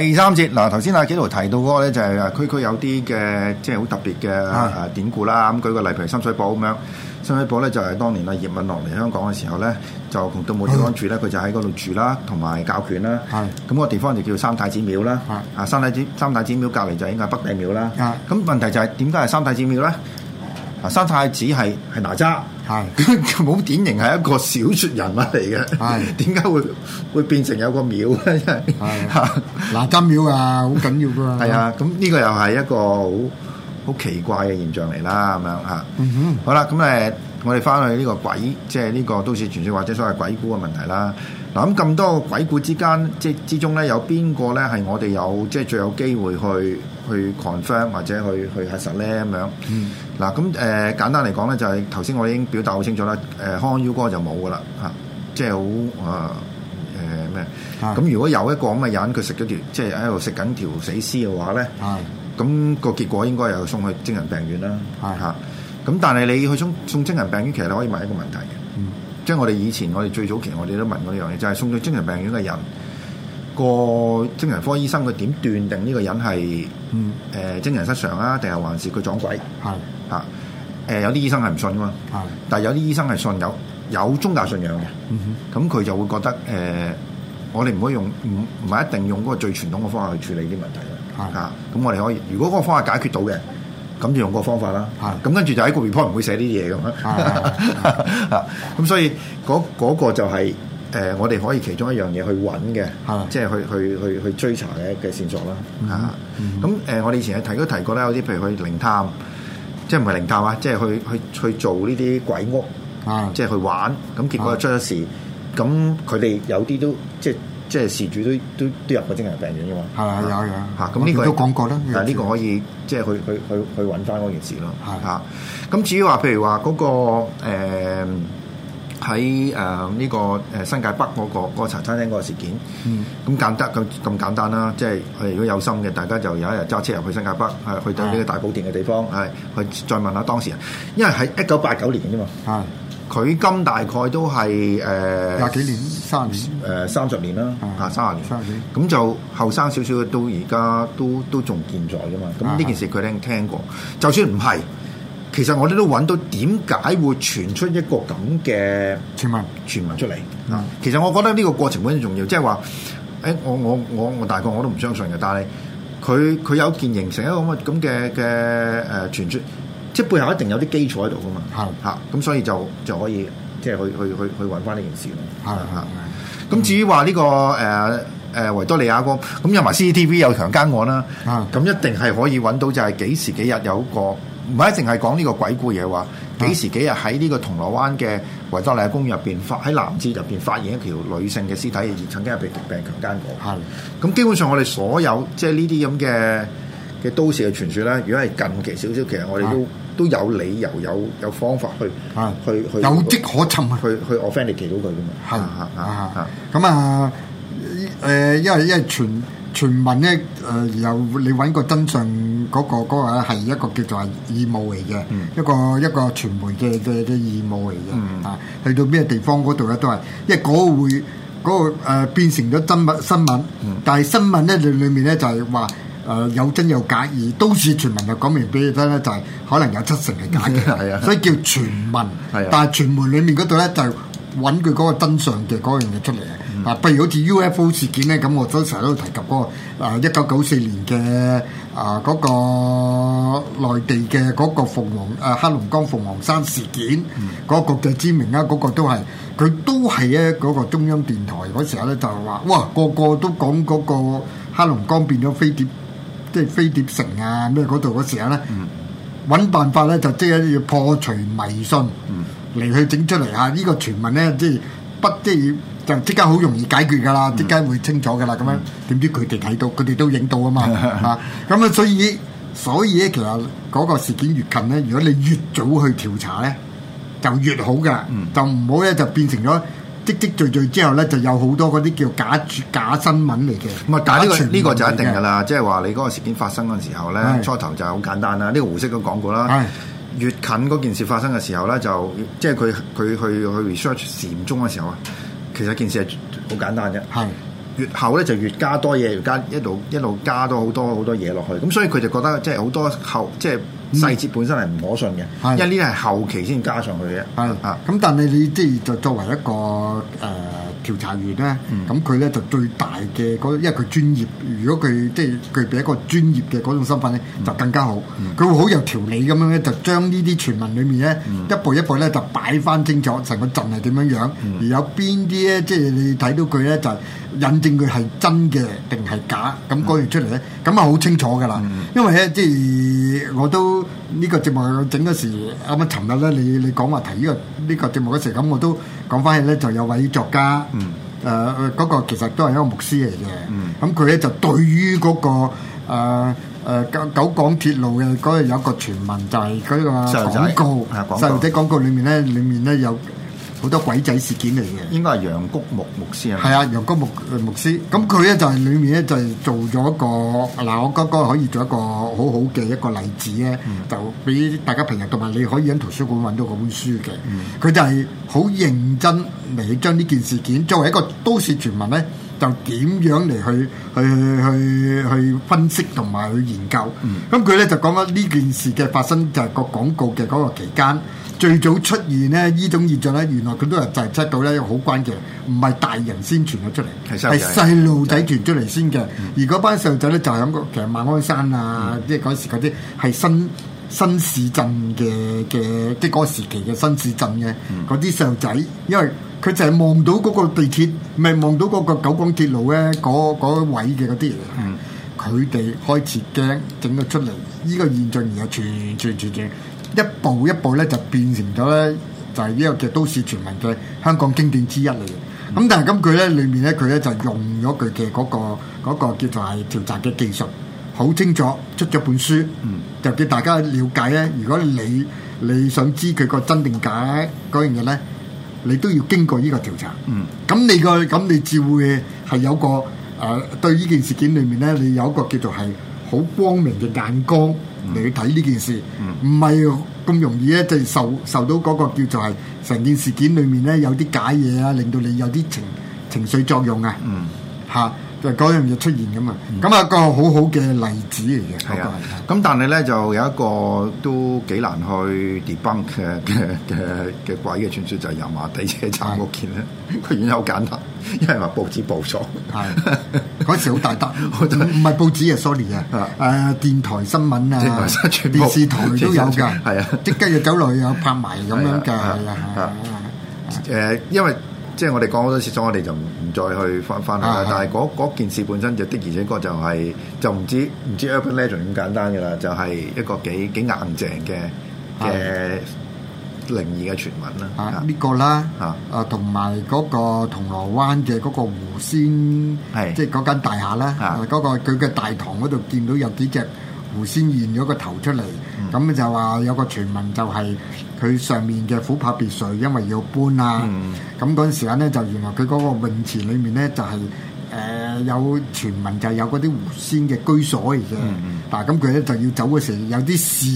第三節嗱，頭先阿幾度提到嗰個咧，就係區區有啲嘅即係好特別嘅典故啦。咁的舉個例，譬如深水埗咁樣，深水埗咧就係當年阿葉問郎嚟香港嘅時候咧，就窮到冇地方住咧，佢的就喺嗰度住啦，同埋教拳啦。係的。咁個地方就叫三太子廟啦。係的。啊，三太子的三太子廟隔離就應該係北帝廟啦。咁問題就係點解係三太子廟咧？啊，三太子係係哪吒。係，好 典型係一個小說人物嚟嘅，點解會會變成有個廟咧？係，嗱金廟啊，好緊要噶。係 啊，咁呢個又係一個好好奇怪嘅現象嚟啦，咁樣吓。哼 好啦，咁誒，我哋翻去呢個鬼，即係呢個都市傳說或者所謂鬼故嘅問題啦。嗱，咁咁多鬼故之間，即係之中咧，有邊個咧係我哋有即係最有機會去去 confirm 或者去去核實咧咁樣？嗱，咁誒簡單嚟講咧，就係頭先我已經表達好清楚啦。誒、呃、康 U 哥就冇噶啦嚇，即係好誒誒咩？咁、啊呃啊、如果有一個咁嘅人，佢食咗條即係喺度食緊條死屍嘅話咧，咁、啊、個結果應該又送去精神病院啦嚇。咁、啊啊啊、但係你去送送精神病院，其實你可以問一個問題。將我哋以前我哋最早期，我哋都問過呢樣嘢，就係、是、送到精神病院嘅人，個精神科醫生佢點斷定呢個人係嗯誒、呃、精神失常啊，定係還是佢撞鬼？係嚇是的、啊呃、有啲醫生係唔信㗎嘛，但係有啲醫生係信有有宗教信仰嘅，咁佢是的 就會覺得誒、嗯呃、我哋唔可以用唔唔係一定用嗰個最傳統嘅方法去處理啲問題㗎，咁是的、啊、我哋可以如果嗰個方法解決到嘅。咁就用個方法啦，咁、啊、跟住就喺個 report 唔會寫呢啲嘢咁啦，咁所以嗰、那個就係、是、誒、呃、我哋可以其中一樣嘢去揾嘅，啊、即係去去去去追查嘅嘅線索啦。咁、啊、誒我哋以前係提都提過啦，有啲譬如去靈探，即係唔係靈探啊，即係去去去做呢啲鬼屋，啊、即係去玩，咁結果出咗事，咁佢哋有啲都即係。啊即係事主都都都入過精神病院嘅嘛，係啊，係啊，係啊嚇，咁呢個都講過啦，但係呢個可以即係去去去去揾翻嗰件事咯，係啊。咁至於話譬如話嗰、嗰個喺誒呢個誒新界北嗰、嗰個嗰個茶餐廳嗰個事件，咁、嗯、簡單咁咁簡單啦，即係佢如果有心嘅，大家就有一日揸車入去新界北，去到呢個大寶殿嘅地方，係去是的 再問下當時人，因為喺一九八九年啫嘛，係是的。佢今大概都係誒廿幾年、三十年誒、呃、三十年啦，嚇、嗯、三十年。三十幾咁就後生少少到而家都都仲健在噶嘛。咁呢件事佢聽聽過，嗯、就算唔係，其實我哋都揾到點解會傳出一個咁嘅傳聞傳聞出嚟。啊、嗯，嗯、其實我覺得呢個過程好重要，即係話，誒、哎、我我我我，我大概我都唔相信嘅，但係佢佢有件形成一個咁嘅嘅誒傳説。即係背後一定有啲基礎喺度㗎嘛，嚇、咁所以就就可以即係去去去去揾翻呢件事咯。嚇、咁至於話呢個誒誒維多利亞宮咁有埋 CCTV 有強姦案啦，咁一定係可以揾到就係幾時幾日有個唔係一定係講呢個鬼故嘢話，幾時幾日喺呢個銅鑼灣嘅維多利亞公園入邊發喺男廁入邊發現一條女性嘅屍體，曾經係被疾病強姦過，咁基本上我哋所有即係呢啲咁嘅嘅都市嘅傳説咧，如果係近期少少，其實我哋都都有理由有有方法去、啊、去去有迹可尋、啊、去去 offend 到佢嘅嘛，係咁是啊誒，因為因為傳傳聞咧誒，有、呃、你揾個真相嗰、嗰個嗰、嗰個係一個叫做係義務嚟嘅，嗯、一個一個傳媒嘅嘅嘅義務嚟嘅啊，嗯、去到咩地方嗰度咧都係，因為嗰個會嗰、嗰個變成咗真物新聞，嗯、但係新聞咧裏裏面咧就係話。誒、呃、有真有假，而都市傳聞就講明俾你聽咧，就係可能有七成係假嘅， 所以叫傳聞。 但係傳聞裡面嗰度咧，就揾佢嗰個真相嘅嗰樣嘢出嚟、嗯、啊，譬如好似 UFO 事件咧，咁我都成日都提及嗰、那個啊，一九九四年嘅啊嗰個內地嘅嗰個鳳凰誒、呃、黑龍江鳳凰山事件，嗰、嗯、個國際知名啦、啊。嗰、那個都係佢都係咧嗰個中央電台嗰時候咧，就話哇個個都講嗰個黑龍江變咗飛碟。即係飛碟城啊，咩嗰度嘅時候啊咧，揾、嗯、辦法咧就即係要破除迷信嚟、嗯、去整出嚟嚇，呢、呢個傳聞咧，即係不即係就即刻好容易解決㗎啦，即刻會清楚㗎啦咁樣。點知佢哋睇到，佢哋都影到嘛啊嘛嚇。咁啊， 所以所以咧，其實嗰個事件越近咧，如果你越早去調查咧，就越好㗎喇，就唔好咧就變成咗。積積聚聚之後咧，就有好多嗰啲叫假假新聞嚟嘅。咁啊，假呢個呢個就一定噶啦，即係話你嗰個事件發生嗰陣時候咧，是的 初頭就好簡單啦。呢個胡適都講過啦。係是的 越近嗰件事發生嘅時候咧，就即係佢佢去去 research 事蹟中嘅時候啊，其實件事係好簡單嘅。係是的 越後咧，就越加多嘢，越加一路一路加多好多好多嘢落去。咁所以佢就覺得即係好多後即係。細節本身係唔可信嘅，的因為呢啲係後期先加上去嘅。啊的，咁、嗯、但係你即係作作為一個誒，呃調查員咧，咁佢咧就最大嘅嗰，因為佢專業。如果佢即係具備一個專業嘅嗰種身份咧，嗯、就更加好。佢、嗯、會好有條理咁樣咧，就將呢啲傳聞裏面咧，嗯、一步一步咧就擺翻清楚成個陣係點樣樣，嗯、而有邊啲咧即係你睇到佢咧就引證佢係真嘅定係假。咁講完出嚟咧，咁啊好清楚噶啦。嗯、因為咧即係我都呢、呢個節目整嗰時，啱啱尋日咧，你你講話題呢個呢個節目嗰時咁我都。講翻起咧，就有位作家，誒誒、嗯，嗰、呃那個其實都係一個牧師嚟嘅。咁佢咧就對於嗰、那個誒誒、呃、九,九廣鐵路嘅嗰個有一個傳聞，就係、是、佢個廣告，細路仔廣告裏面咧，裏面咧有好多鬼仔事件嚟嘅，應該係楊谷木牧師啊。係啊，楊谷木牧師，咁佢咧就係裡面咧就係做咗一個嗱，我覺得可以做一個好好嘅一個例子咧，嗯、就俾大家平日同埋你可以喺圖書館揾到本書嘅。佢、嗯、就係好認真嚟將呢件事件作為一個都市傳聞咧，就點樣嚟去去去去分析同埋去研究。咁佢咧就講咗呢件事嘅發生就係個廣告嘅嗰個期間。最早出現咧呢種現象咧，原來佢都係滯唔出到咧，因為好關鍵，唔係大人先傳咗出嚟，係細路仔傳出嚟先嘅。嗯、而嗰班細路仔咧就係咁、那個，其實馬鞍山啊，即係嗰時嗰啲係新新市鎮嘅嘅，即係嗰時期嘅新市鎮嘅嗰啲細路仔，因為佢就係望到嗰個地鐵，唔係望到嗰個九廣鐵路咧嗰、那個、位嘅嗰啲人，佢哋、嗯、開始驚，整到出嚟呢、這個現象，而後傳傳傳傳。傳傳傳傳一步一步咧就變成咗咧，就係呢個嘅都市傳聞嘅香港經典之一嚟嘅。咁、嗯、但係咁佢咧裏面咧佢咧就用咗佢嘅嗰個嗰個叫做係調查嘅技術，好清楚出咗本書，嗯、就叫大家了解咧。如果你你想知佢個真定假嗰樣嘢咧，你都要經過呢個調查。咁、嗯、你，你個咁你自然會係有個誒對呢件事件裏面咧，你有一個叫做係，好光明嘅眼光嚟去睇呢件事，唔係咁容易咧，就受受到嗰個叫做係成件事件裏面咧有啲假嘢、嗯、啊，令到你有啲情情緒作用啊，嗯，吓，就嗰樣嘢出現咁啊。咁啊個好好嘅例子嚟嘅，係啊，咁但係咧就有一個都幾難去 debunk 嘅嘅嘅嘅鬼嘅傳說就係油麻地車站嗰件咧，的 原因好簡單。因為話報紙報咗， 係嗰時好大得，唔係 的報紙啊，Sorry 啊，誒， 電台新聞啊，全全電視台都有噶，係啊，即刻要走落去又拍埋咁樣噶，係啊，誒，因為即係我哋講好多次咗，所以我哋就唔再去翻翻去啦。但係嗰件事本身的就的而且確就係就唔知唔知 urban legend 咁簡單噶啦，就係、是、一個幾幾硬正嘅。的的靈異嘅傳聞啦，啊呢、呢個啦，啊同埋嗰個銅鑼灣嘅嗰個狐仙，係是即係嗰間大廈啦，嗰是、啊嗰個佢嘅大堂嗰度見到有幾隻狐仙現咗個頭出嚟，咁、嗯、就話有個傳聞就係佢上面嘅琥珀別墅因為要搬啊，咁嗰陣時間咧就原來佢嗰個泳池裡面咧就係、是。誒、呃、有傳聞就有嗰啲狐仙嘅居所嚟嘅，嗱，咁佢咧就要走嘅時候，有啲事，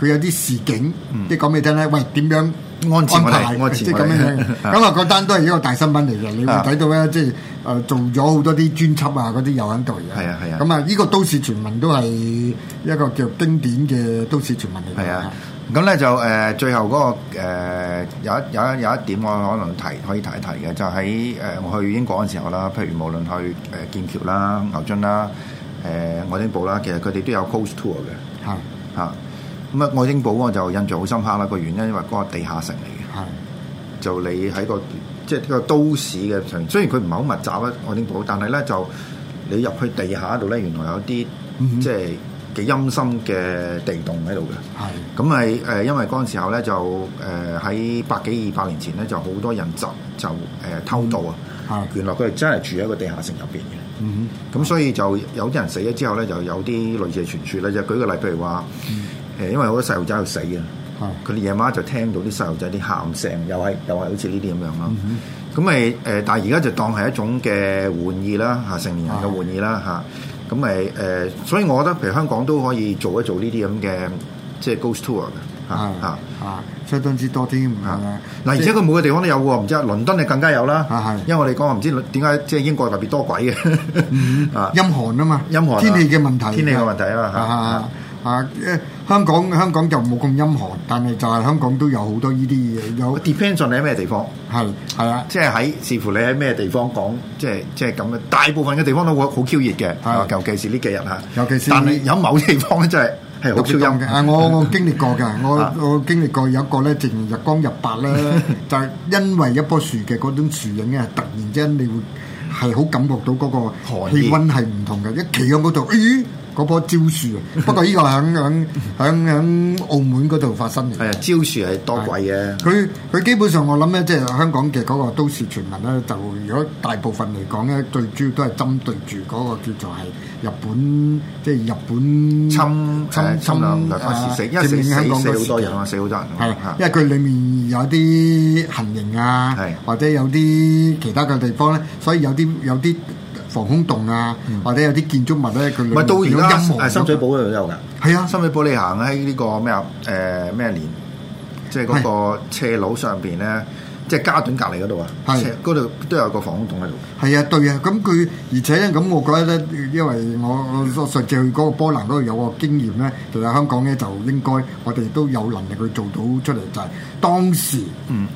佢有啲事景，即係講俾你聽咧，喂，點樣？安全，安全。即係咁樣樣。咁啊 是，個單都係一個大新聞嚟嘅。你睇到咧，是啊、即係誒、呃、做咗好多啲專輯啊，嗰啲遊行度嘅。係啊係啊。咁啊，呢個都市傳聞都係一個叫經典嘅都市傳聞嚟。係啊。咁咧、啊、就誒、呃，最後嗰、那個、呃、有一有一有，有一點我可能提可以提一提嘅，就喺誒我去英國嘅時候啦。譬如無論去誒劍橋啦、牛津啦、誒、呃、愛丁堡啦，其實佢哋都有 ghost tour 嘅。嚇嚇。咁啊、嗯，愛丁堡我就印象好深刻啦。個原因因為嗰個地下城嚟嘅的、就是，就你喺個即係呢個都市嘅上，雖然佢唔係好密集啦，愛丁堡，但係咧就你入去地下度咧，原來有啲、嗯、哼即係幾陰森嘅地洞喺度嘅。係咁係誒，因為嗰陣時候咧就誒喺、呃、百幾二百年前咧，就好多人就就誒、呃、偷渡啊，嗯、原來佢哋真係住喺個地下城入邊嘅。咁、嗯哼嗯、所以就有啲人死咗之後咧，就有啲類似嘅傳説啦。就舉個例，譬如話。嗯誒，因為好多細路仔去死啊！佢哋夜晚就聽到啲細路仔啲喊聲，又係又係好似呢啲咁樣咯。咁咪誒，但係而家就當係一種嘅玩意啦，嚇成年人嘅玩意啦，嚇。咁咪誒，所以我覺得，譬如香港都可以做一做呢啲咁嘅，即係 ghost tour 嘅，嚇嚇，相當之多添。係嗱，而且佢每個地方都有喎，唔知啊，倫敦你更加有啦。因為我哋講唔知點解即係英國特別多鬼嘅，陰寒啊嘛，陰寒，天氣嘅問題，天氣嘅問題啊嘛，嚇嚇，香港，香港就冇咁陰寒，但係就係香港都有好多呢啲嘢。有 depend on 你喺咩地方，係係啦，即係喺視乎你喺咩地方講，即係即係咁啦。大部分嘅地方都好好 Q 熱嘅，尤其是呢幾日嚇。尤其是，但係有某啲地方咧，真係係好 Q 陰嘅。我我經歷過㗎，我我經歷過有一個咧，正日光日白咧，就係因為一棵樹嘅嗰種樹影啊，突然之間你會係好感覺到嗰個氣温係唔同嘅，一企喺嗰度咦？嗰棵蕉樹啊，不過呢個喺喺喺喺澳門嗰度發生嘅。係啊，蕉樹係多鬼嘅。佢佢基本上我諗咧，即係香港嘅嗰個都市傳聞咧，就如果大部分嚟講咧，最主要都係針對住嗰個叫做係日本，即係日本侵侵侵啊！一死一死，香港都死好多人啊，死好多人。係、ouais，因為佢裡面有啲行營啊，或者有啲其他嘅地方咧，所以有啲有啲。防空洞啊，嗯、或者有啲建築物咧，佢唔咪到而家深水埗度都有㗎。係啊，深水埗你行喺呢個咩啊？誒咩連，即係嗰個斜路上邊咧，即係家短隔離嗰度啊，嗰度、啊、斜都有個防空洞喺度。係啊，對啊，咁佢而且咧，咁我覺得咧，因為我，我，我上次去嗰個波蘭嗰度有個經驗咧，就實、是、香港咧就應該我哋都有能力去做到出嚟就係、是、當時。嗯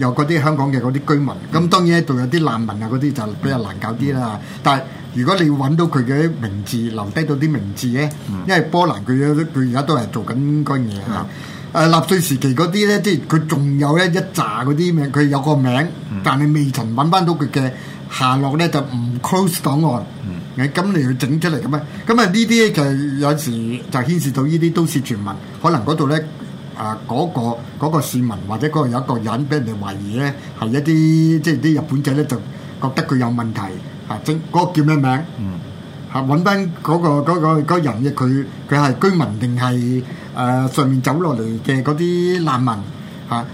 有嗰啲香港嘅嗰啲居民，咁、嗯、當然喺度有啲難民啊，嗰啲就比較難搞啲啦。嗯、但係如果你揾到佢嘅名字，嗯、留低到啲名字咧，嗯、因為波蘭佢佢而家都係做緊嗰樣嘢啊。誒納粹時期嗰啲咧，即係佢仲有咧一紮嗰啲名，佢有個名，嗯、但係未曾揾翻到佢嘅下落咧，就唔 close 檔案。咁、嗯嗯、你要整出嚟咁啊？咁啊呢啲就有時就牽涉到呢啲都市傳聞，可能嗰度咧。啊！嗰、那個那個市民或者嗰個有一個人俾人哋懷疑咧，係一啲即係啲日本仔咧，就覺得佢有問題啊！整嗰、那個叫咩名？嗯、啊，嚇搵返嗰個嗰、那個、人嘅佢，佢係居民定係誒上面走落嚟嘅嗰啲難民嚇？咁、啊、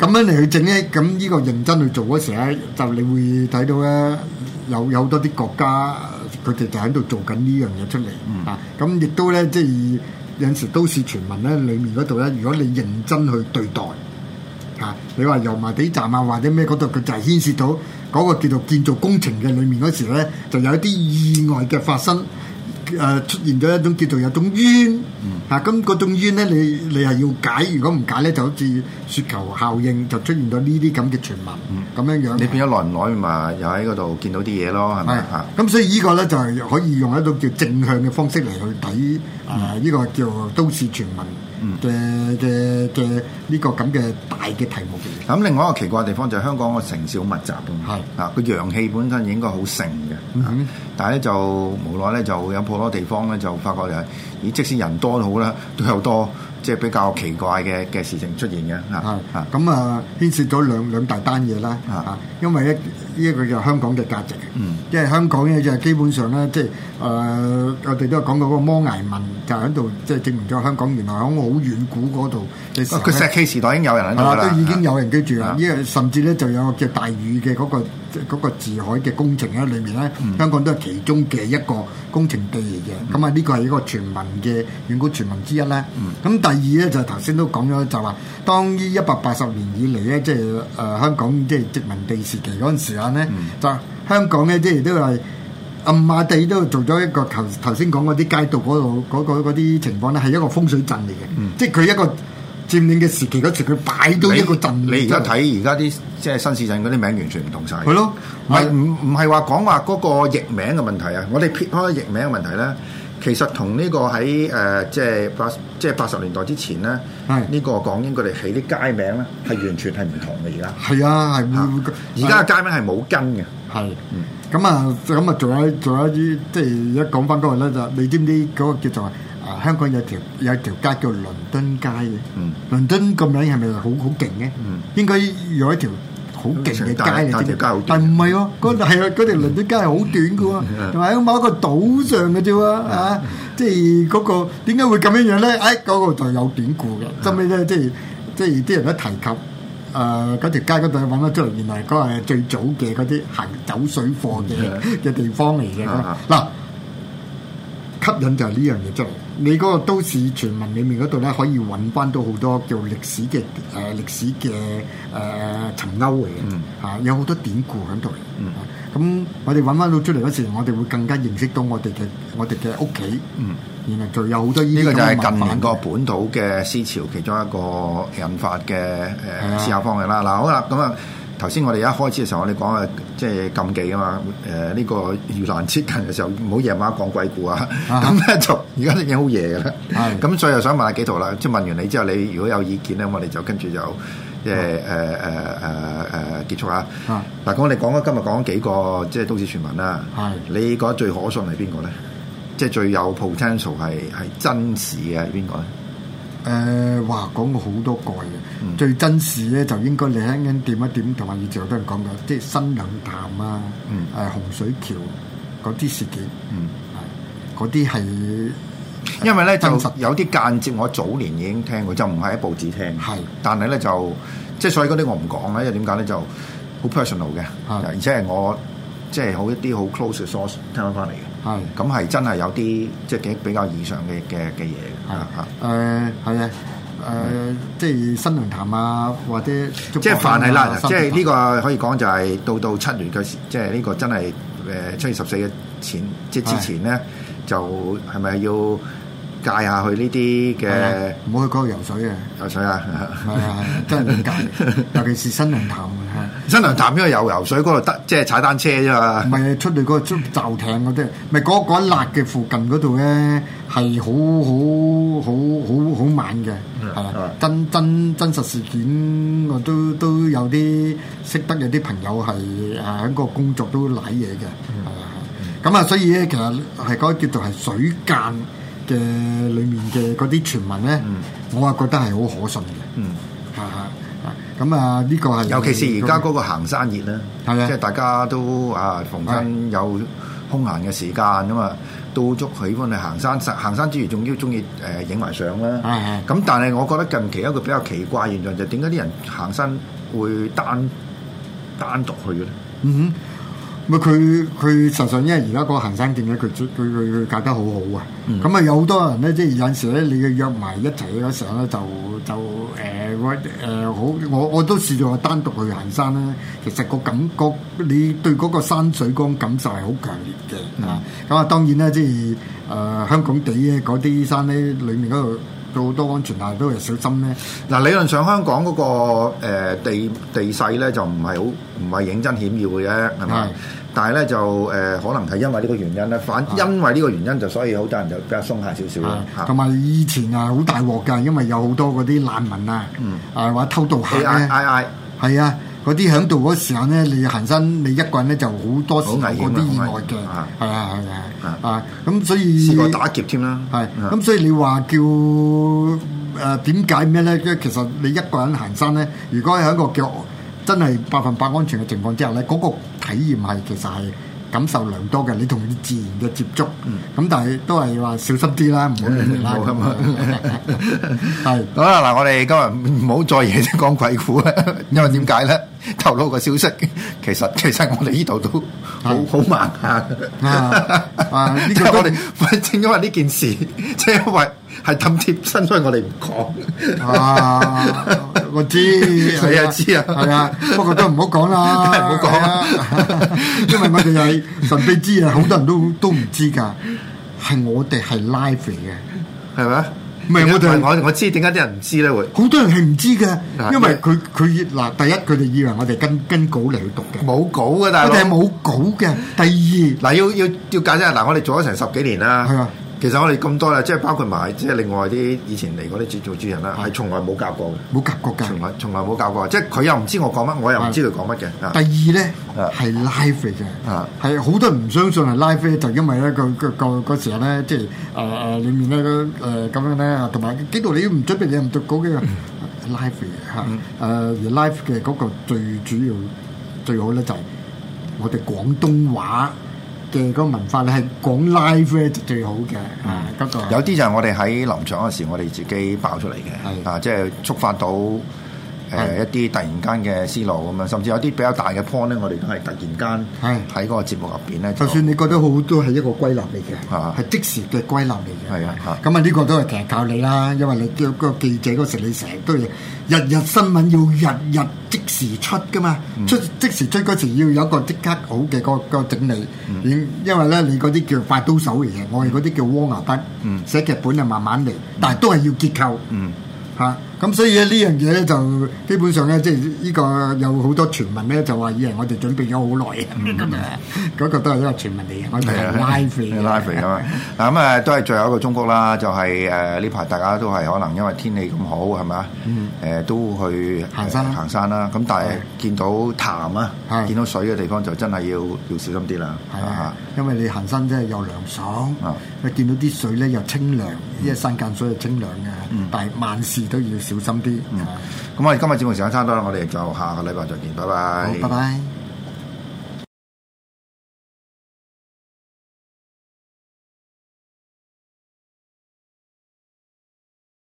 樣你去整咧，咁呢個認真去做嘅時候咧，就你會睇到咧有有好多啲國家佢哋就喺度做緊、啊、呢樣嘢出嚟。嗯，咁亦都咧即係。有時都市傳聞咧，裡面嗰度咧，如果你認真去對待，嚇、啊，你話油麻地站啊，或者咩嗰度，佢就係牽涉到嗰個叫做建造工程嘅裡面嗰時咧，就有一啲意外嘅發生。誒出現咗一種叫做有種冤嚇，咁嗰、嗯啊、種冤咧，你你係要解，如果唔解咧，就好似雪球效應，就出現咗呢啲咁嘅傳聞，咁樣、嗯、樣。你變咗耐唔耐咪又喺嗰度見到啲嘢咯，係咪啊？咁所以個呢個咧就係可以用一種叫正向嘅方式嚟去睇誒呢個叫都市傳聞。嘅嘅嘅呢個咁嘅大嘅題目嚟嘅。咁另外一個奇怪嘅地方就係香港個城市好密集嘅。係啊是，個陽氣本身應該好盛嘅。嗯、哼但係咧就無奈咧就有好多地方咧就發覺就係、咦，即使人多都好啦，都係好多。即係比較奇怪嘅嘅事情出現嘅，咁啊牽涉咗兩兩大單嘢啦，因為一依一個就香港嘅價值，嗯，因為香港咧就基本上咧即係誒，我哋都講過嗰個摩崖文就喺度，即係證明咗香港原來喺好遠古嗰度，佢石器時代已經有人喺度啦，都已經有人居住啦，依甚至咧就有個叫大禹嘅嗰個嗰個治海嘅工程喺裏面咧香港都係其中嘅一個工程地嚟嘅，咁啊呢個係一個傳聞嘅遠古傳聞之一咧，咁但第二咧就係頭先都講咗就話、是，當於一百八十年以嚟咧，即係誒香港即係、就是、殖民地時期嗰陣時啊，咧、嗯、就香港咧即係都係暗馬地都做咗一個頭頭先講嗰啲街道嗰度嗰個嗰啲、那個那個、情況咧，係一個風水陣嚟嘅，嗯、即係佢一個佔領嘅時期嗰陣，佢擺到一個陣你。就你而家睇而家啲即係新市鎮嗰啲名，完全唔同晒。係咯，唔係唔唔係話講話嗰個譯名嘅問題啊！我哋撇開譯名嘅問題咧。其實同呢個喺誒，即係八即係八十年代之前咧，呢是個講港英佢哋起啲街名咧，係完全係唔同嘅而家。係啊，係而家嘅街名係冇跟嘅。係，咁啊，咁啊，仲、嗯、有仲有一啲，即係一講翻嗰樣咧就是，你知唔知嗰個叫做啊？香港有條有條街叫倫敦街嘅。嗯，倫敦個名係咪好好勁嘅？嗯，應該有一條。好勁嘅街嚟，街短但唔係喎，嗰啊，嗰、嗯啊、條倫敦街係好短嘅喎，同埋喺某一個島上嘅啫喎，嗯、啊，即係嗰、嗰個點解會咁樣樣咧？誒、哎，嗰個就有典故嘅，後屘咧即係即係啲人一提及誒嗰、呃、條街嗰度揾得出嚟，原來嗰係最早嘅嗰啲行走水貨嘅嘅地方嚟嘅嗱。嗯嗯嗯嗯嗯吸引就係呢樣嘢啫，你嗰個都市傳聞裏面嗰度咧，可以揾翻到好多叫歷史嘅誒歷史嘅誒層勾嘅，嚇有好多典故喺度嚟。咁我哋揾翻到出嚟嗰時，我哋會更加認識到我哋嘅我哋嘅屋企，嗯，然後就有好多呢個就係近年個本土嘅思潮其中一個引發嘅誒思考方向啦。嗱，好啦，咁啊。頭先我哋一開始嘅時候，我哋講啊，即係禁忌啊嘛，誒、呃、呢、呢個盂蘭節近嘅時候，唔好夜晚講鬼故啊。咁咧、uh huh. 就而家已經好夜嘅啦。咁最後想問下幾條啦，即係問完你之後，你如果有意見咧，我哋就跟住就即係誒誒誒誒結束下。嗱、uh，咁、huh. 我哋講咗今日講咗幾個即係都市傳聞啦、啊。係、uh，huh. 你覺得最可信係邊個咧？即、就、係、是、最有 potential 係係真事嘅係邊個？誒話、呃、講過好多個嘅，嗯、最真實咧就應該你喺緊點一點，同埋以前有啲人講嘅，即係新冷淡啊，誒、嗯呃、洪水橋嗰啲事件，嗯，嗰啲係因為咧，就有啲間接我早年已經聽過，就唔係喺報紙聽，係是，但係咧就即係所以嗰啲我唔講啦，因為點解咧就好 personal 嘅，的而且係我即係好一啲好 close 嘅 source 聽翻嚟。係，咁係、嗯、真係有啲即係比較異常嘅嘅嘅嘢，係啊，誒係啊，誒、呃呃、即係新論壇啊，或者即係、啊、凡係啦，即係呢個可以講就係、是、到到七月嘅，即係呢個真係誒、呃、七月十四嘅前即係之前咧，是的 就係咪要？戒下去呢啲嘅，唔好去嗰度游水啊。游水啊，係啊，真係唔戒，尤其是新娘潭新娘潭，因為有游水，嗰度得即係踩單車啫嘛。唔係出嚟嗰，那個租艇嗰啲，咪嗰嗰一辣嘅附近嗰度咧，係好好好好好猛嘅，係的的真真真實事件我都都有啲識得，有啲朋友係啊，一個工作都舐嘢嘅，係咁啊，嗯、所以咧，其實係嗰個叫做係水間。嘅裏面嘅嗰啲傳聞咧，嗯、我啊覺得係好可信嘅。嗯，嚇嚇咁啊呢、啊呢個係尤其是而家嗰個行山熱啦，的即係大家都啊逢親有空閒嘅時間啊嘛，的都足喜歡去行山，行山之餘仲要鍾意誒影埋相啦。咁、呃、的但係我覺得近期一個比較奇怪現象就係點解啲人行山會單單獨去咧？嗯哼。佢佢實在因為而家嗰個行山徑咧，佢佢佢佢搞得好好啊！咁啊、嗯，有好多人咧，即係有時咧，你約埋一齊去上咧，就就誒誒好，我我都試過單獨去行山啦。其實個感覺，你對嗰個山水光感受係好強烈嘅啊！咁、嗯、啊，當然咧，即係誒、呃、香港地咧嗰啲山咧，裡面嗰度。到好多安全，但係都要小心咧。嗱，理論上香港嗰、那個、呃、地地勢咧就唔係好唔係認真險要嘅啫，係嘛？是但係咧就誒、呃、可能係因為呢個原因咧，反是因為呢個原因就所以好多人就比較鬆懈少少啦。同埋是是以前啊好大鑊㗎，因為有好多嗰啲難民啊，嗯、啊或者偷渡客咧，係、哎哎哎、啊。嗰啲喺度嗰時間咧，你行山你一個人咧就好多時有嗰啲意外嘅，係啊，係啊，啊咁所以試過打劫添啦，係咁所以你話叫誒點解咩咧？因其實你一個人行山咧，如果係一個叫真係百分百安全嘅情況之下咧，嗰個體驗係其實係感受良多嘅，你同啲自然嘅接觸，咁但係都係話小心啲啦，唔好俾人拉㗎嘛。係，好啦，嗱我哋今日唔好再嘢講鬼故啦，因為點解咧？頭腦嘅消息，其實其實我哋呢度都好好盲啊！呢個我哋正因為呢件事，正因為係咁貼身，所以我哋唔講。我知，你又知啊？係啊，不過都唔好講啦，唔好講啦。啊、 因為我哋係神秘知啊，好 多人都都唔知噶，係我哋係 live 嘅，係咪啊？唔係，我哋係我我知點解啲人唔知咧？會好多人係唔知嘅，因為佢佢嗱，第一佢哋以為我哋跟跟稿嚟去讀嘅，冇稿嘅大佬，我哋係冇稿嘅。第二嗱，要要要解釋下，嗱，我哋做咗成十幾年啦。其實我哋咁多啦，即係包括埋即係另外啲以前嚟嗰啲做主人啦，係、嗯、從來冇教過嘅，冇夾過㗎。從來從來冇教過，即係佢又唔知我講乜，我又唔知佢講乜嘅。第二咧係 live 嚟嘅，係好、啊啊、多人唔相信係 live 就因為咧個個時候咧，即係誒誒裡面咧個誒咁樣咧，同埋幾度你唔準備你唔讀嗰幾個 live 嚇誒、啊，而 live 嘅嗰個最主要最好咧就係我哋廣東話。嘅個文化咧係講 live 最好嘅，啊嗰、嗯、嗰個有啲就係我哋喺臨場嗰陣時，我哋自己爆出嚟嘅，係是的 啊即係觸發到。誒一啲突然間嘅思路咁樣，甚至有啲比較大嘅 point 咧，我哋都係突然間喺嗰個節目入邊咧。就算你覺得好，都係一個歸納嚟嘅，係即時嘅歸納嚟嘅。係啊，咁啊呢個都係成日教你啦，因為你叫個記者嗰時你成日都要日日新聞要日日即時出㗎嘛，出即時出嗰時要有個即刻好嘅個個整理。嗯，因為咧你嗰啲叫快刀手嚟嘅，我哋嗰啲叫蝸牛筆。嗯，寫劇本啊，慢慢嚟，但係都係要結構。嗯，嚇。咁所以呢樣嘢咧就基本上咧即係呢個有好多傳聞咧就話以為我哋準備咗好耐，咁啊嗰個都係一個傳聞嚟，我哋係 live 嚟嘅。live 啊嘛，咁啊都係最後一個中國啦，就係誒呢排大家都係可能因為天氣咁好係嘛，誒都去行山行山啦。咁但係見到潭啊，見到水嘅地方就真係要要小心啲啦。係啊，因為你行山真係又涼爽，你見到啲水咧又清涼，因為山間水係清涼嘅，但係萬事都要小心啲，嗯。咁、嗯、我哋今日節目時間差唔多啦，我哋就下個禮拜再見，拜拜。好，拜拜。